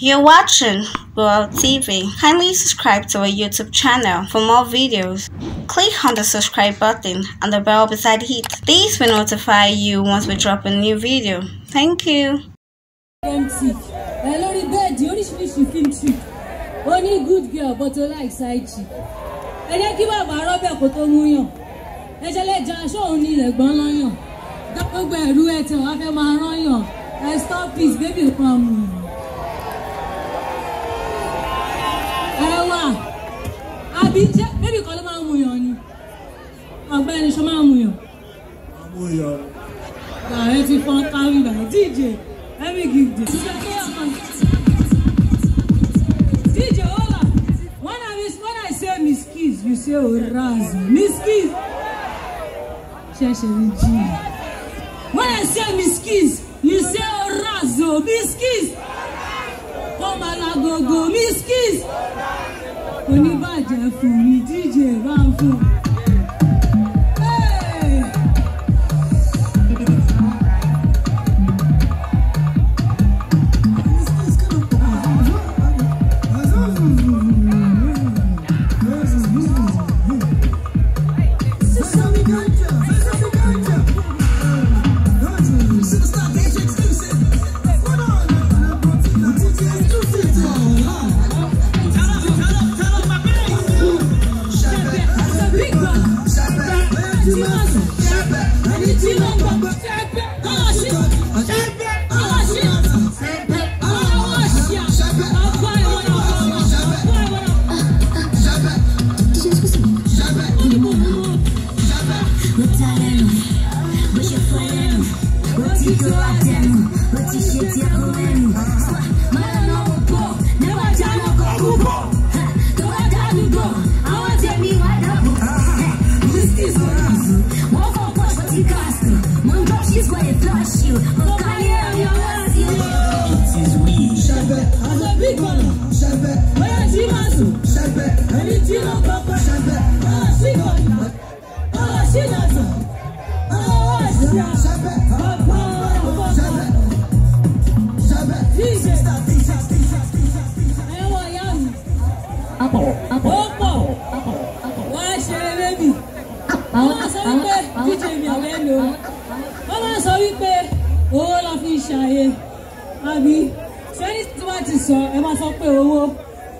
You're watching World TV. Kindly subscribe to our YouTube channel for more videos. Click on the subscribe button and the bell beside it. This will notify you once we drop a new video. Thank you. lórí good girl but side I stop baby ẹwà àbí jẹ́ bébì kan ló máa ń muyàn ni ọ̀gbẹ́ni ṣó máa ń muyàn. àmúyàn. ààrẹ ti fọn kárí ìgbà DJ every gig dey. DJ hola when I miss when I say miss kiss you say oraz miss kiss ṣẹ̀ṣẹ̀ mi jí when I say miss kiss you say oraz o miss malagogo miskis oníbàjẹ́ mi DJ Rambo. sẹbẹ aṣọ bí kọlọ sẹbẹ bóyá tí máa sùn sẹbẹ ẹni tí ló kọkọ sẹbẹ ọ̀rọ̀ sí kọlọ ọ̀rọ̀ sí lọsàn ọ̀rọ̀ ṣíà sẹbẹ ọ̀pọ̀ ọ̀pọ̀ sẹbẹ sẹbẹ díje ẹwọ ìyá mi ó pọ̀ wá ṣe eré mi àwọn sọ wípé díje mi àwọn ẹni o wọ́n máa sọ wípé owó la fi ṣàyè àbí bá ti sọ ẹ máa sọ pé owó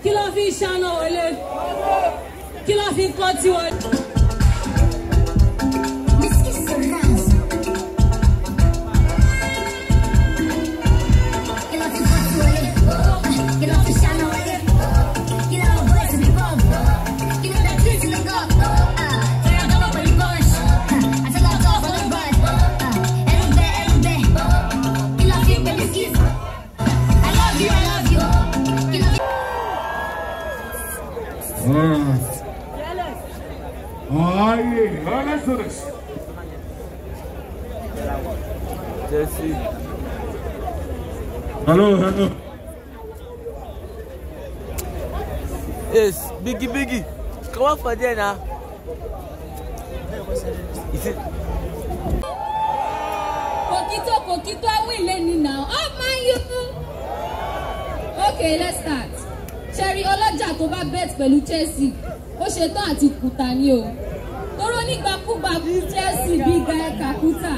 kí ló fi ń ṣáná wọlé kí ló fi kọ́ tí Hello, hello. Yes, Biggie, Biggie. Come up for dinner. Is it? Kokito, Kokito, are we learning now? Oh, my you. Okay, let's start. Cherry Ọlọ́jà tó bá bet pẹ̀lú Chelsea. Ó ṣetán àti kùtà ni o onígbàkúgbà Chelsea bíi Gaye Kakuta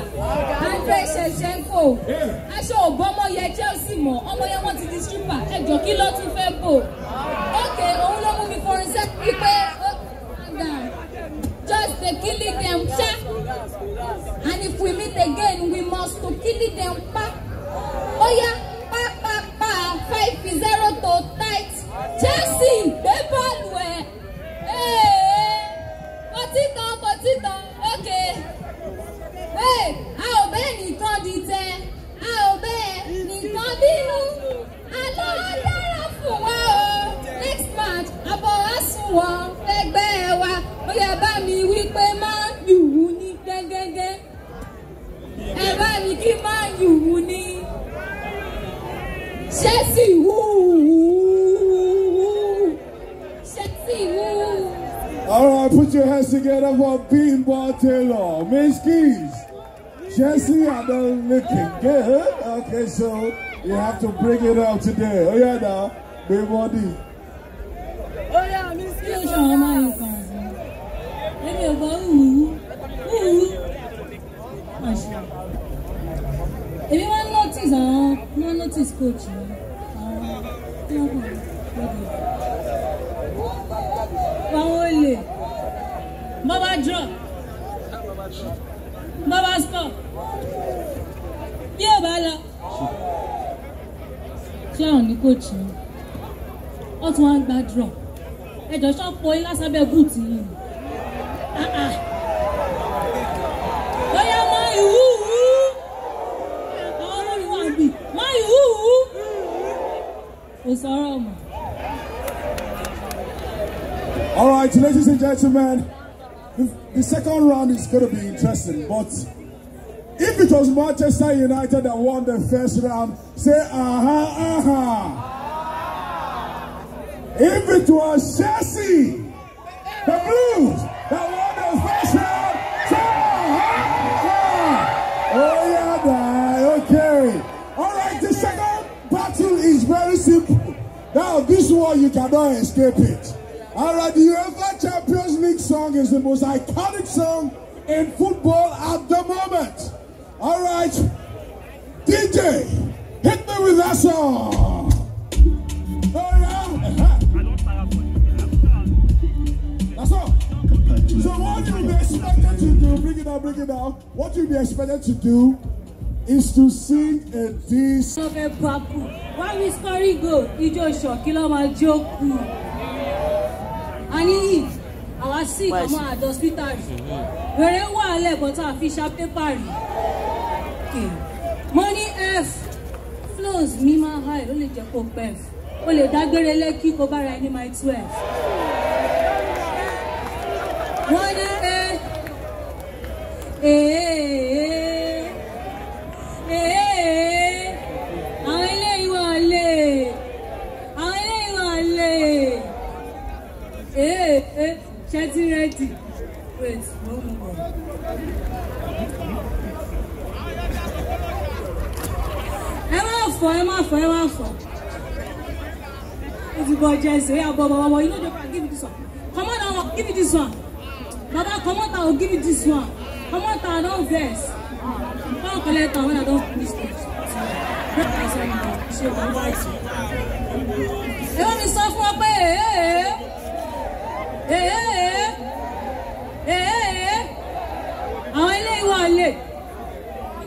Andre Shevchenko hmm. aṣọ òbọ́mọ yẹ Chelsea mọ́ ọmọ yẹn wọ́n ti di stripper ẹ̀jọ̀ kí ló tún fẹ́ bò. àwọn ẹgbẹ́ wa ó yẹ bá mi wí pé máa yùwù ní gẹ́gẹ́gẹ́ ẹ bá mi kí máa yùwù ní ṣé sì wúwú ṣé sì wúwú. All right, put your hands together for Bimbo Taylor, Miss Keys, Jesse, and the looking good. Okay, so you have to bring it out today. Oh yeah, now, Bimbo D àwọn notice àwọn notice coach yìí àwọn tí wọ́n kàn lọ́dọ̀ àwọn olè bàbá drop bàbá stop bí ò bá lọ ṣé àwọn ní coach drop ẹjọ ṣọpọ yín lásàbẹ gùtì yìí ah, ah. bóyá má ìwúwú àwọn olórí wà gbì má ìwúwú kò sọ̀rọ̀ mọ́. All right, ladies and gentlemen, the, the second round is going to be interesting. But if it was Manchester United that won the first round, say aha, aha. Even to The blues that won the first round. oh, yeah, nah, okay. All right, the second battle is very simple. Now, this one, you cannot escape it. All right, the UEFA Champions League song is the most iconic song in football at the moment. All right, DJ, hit me with that song. Oh, yeah. So, so what you be expected to do, bring it down, bring it down. What you be expected to do is to sing a this. Lọ́fẹ̀ pàkú, wá wí sọ́rí gò, ijó ṣọ̀kí ló máa jókòó. Àníyí, àwa sí ìkọ́mọ́ àdó spítàlì. Wèrè wà lẹ́kọ̀ọ́ tá a fi ṣá pépà rí. Mo F, flows mi máa high, Only Jacob F. Only that girl let dágbére lẹ́kí kó bára ẹni máa wọ́n ní ẹ ẹ̀ẹ́ ẹ̀ẹ́ àwọn eléyìí wà lè àwọn eléyìí wà lè ẹ̀ẹ́ ṣẹ́tí rẹ́dì wait mo ń bọ̀. ẹ má fọ give me this one come on now give me this one. Comment t'as I'll give you this one. Come out, I don't vex. Ah, I'll collect when I don't finish it. Ẹ Eh eh eh. fún ọ pé èé èé èé èé àwọn ilé ìwọ̀ ọ̀lẹ̀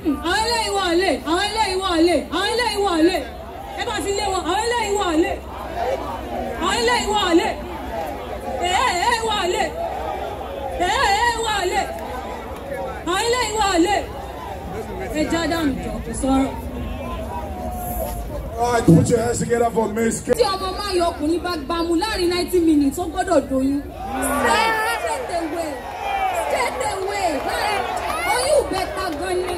hmm, àwọn ilé ìwọ̀ ọ̀lẹ̀ àwọn Eh ìwọ̀ ọ̀lẹ̀ àwọn ilé ìwọ̀ ọ̀lẹ̀ ẹ bá fi lé wọn àwọn Eh eh ọ̀lẹ̀ àwọn ilé ìwọ̀ ọ̀lẹ̀ èé èé ìwọ̀ ọ̀lẹ̀ ẹ wà lè àwọn ilé ìwà lè ẹ put your hands together for Miss K. Tí ọmọ máa yọ ọkùnrin bá gbámú láàrin ninety minutes, ó gbọ́dọ̀ doyún. Straight away, straight away, oyún ìbẹ́ta gan ni.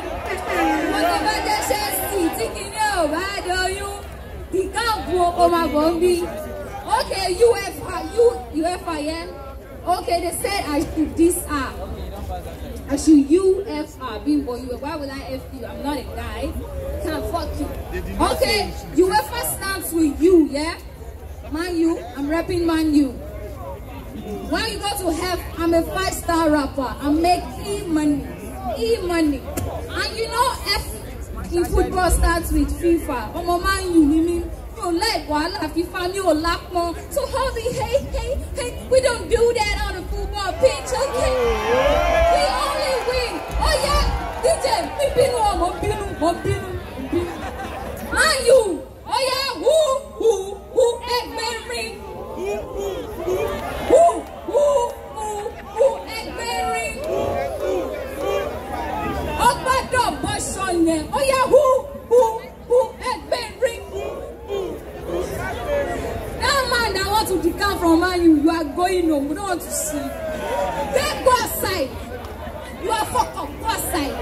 Mo lọ bá jẹ́ ṣẹ́ẹ̀sì tí kìíní ò bá doyún. Ìkáàbù ọkọ̀ máa bọ̀ ń bí. Okay, UFA, UFA yẹn. Yeah? Okay, they said I should this up. Uh, I should UFR, Being you why will I F you? I'm not a guy. Can't fuck you. Okay, U F R stands with you, yeah? Man you, I'm rapping man you. When you go to have, I'm a five-star rapper. I make e-money, e-money. And you know F in football starts with FIFA. Oh, man you, you mean you find you a lot more. So holy hey, hey, hey, we don't do that on the football pitch, okay? We only win. Oh yeah, DJ, me binu, mo binu, mo you, Mama, you, you are going home. We don't want to see. Then go outside. You are fucked up. Go outside.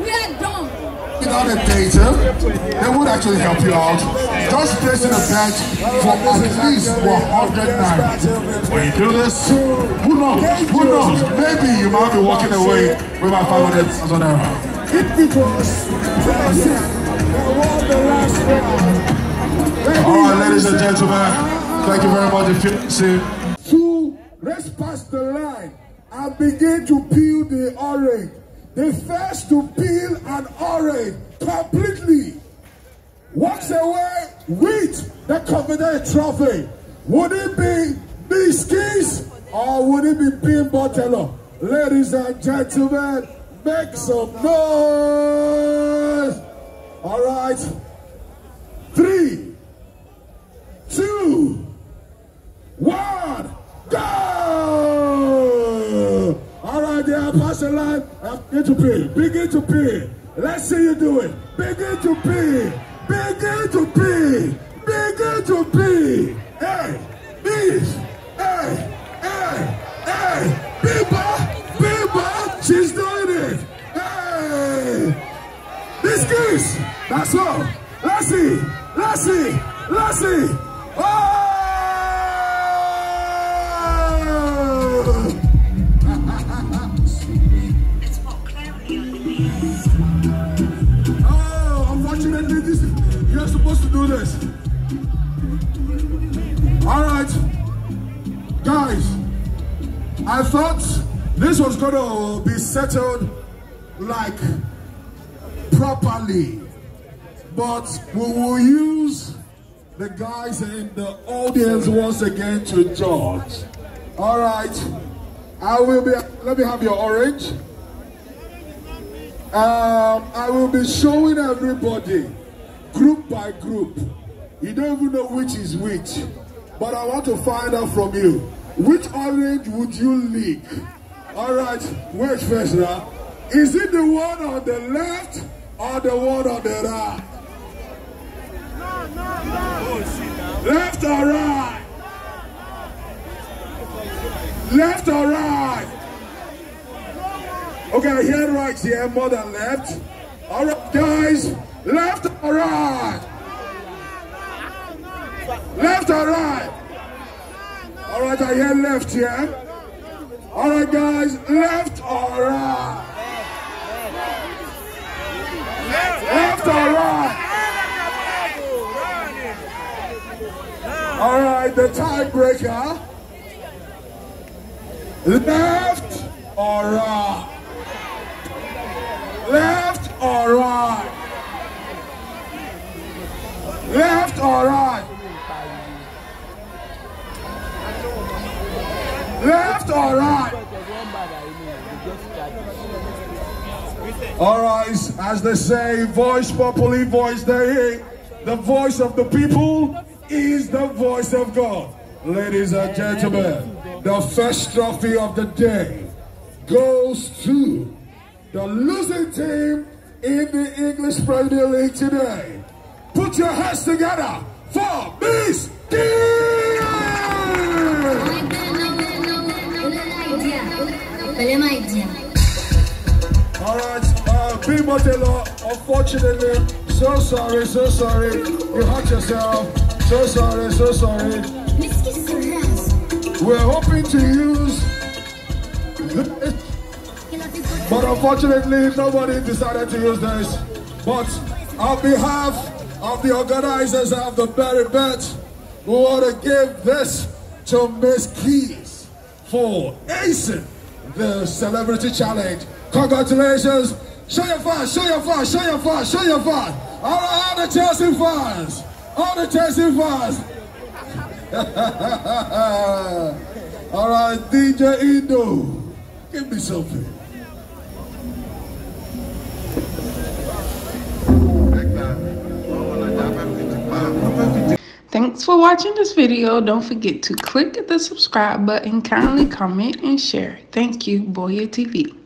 We are done. Without a data, they would actually help you out. Just placing a bet for at least 100 nights. When you do this, who knows? Who knows? Maybe you might be walking away with my 500 as an error. All right, ladies and gentlemen. Thank you very much. To let's pass the line and begin to peel the orange. The first to peel an orange completely walks away with the Covenant Trophy. Would it be Biscuits or would it be Bean Botello? Ladies and gentlemen, make some noise. All right. Apostle Live, uh, begin to pray. Begin to pray. Let's see you do it. Begin to pray. Begin to pray. Begin to pray. Hey, this. Hey, hey, hey. People, people, she's doing it. Hey. This kiss. That's all. Let's see. Let's see. Let's see. All right, guys, I thought this was going to be settled like properly, but we will use the guys in the audience once again to judge. All right, I will be, let me have your orange. Um, I will be showing everybody group by group you don't even know which is which. But I want to find out from you. Which orange would you lick? All right, which first now. Is it the one on the left or the one on the right? No, no, no. Left or right? Left or right? Okay, I hear right here, more than left. All right, guys, left or right? Left or right? All right, I hear left here. Yeah? All right, guys, left or right? Left or right? All right, the tiebreaker. Left or right? All right, as they say, voice properly, voice they The voice of the people is the voice of God. Ladies and gentlemen, the first trophy of the day goes to the losing team in the English Premier League today. Put your hands together for Miss Dean! All right, uh, B. Modelo, unfortunately, so sorry, so sorry. You hurt yourself. So sorry, so sorry. We're hoping to use but unfortunately, nobody decided to use this. But on behalf of the organizers of the Berry Bet, we want to give this to Miss Keys for acing the Celebrity Challenge Congratulations. Show your fans, show your fans, show your fans, show your fans. All, all the Chelsea fans. All the Chelsea fans. all right, DJ Indo. Give me something. Thanks for watching this video. Don't forget to click the subscribe button, kindly comment, and share. Thank you, Boya TV.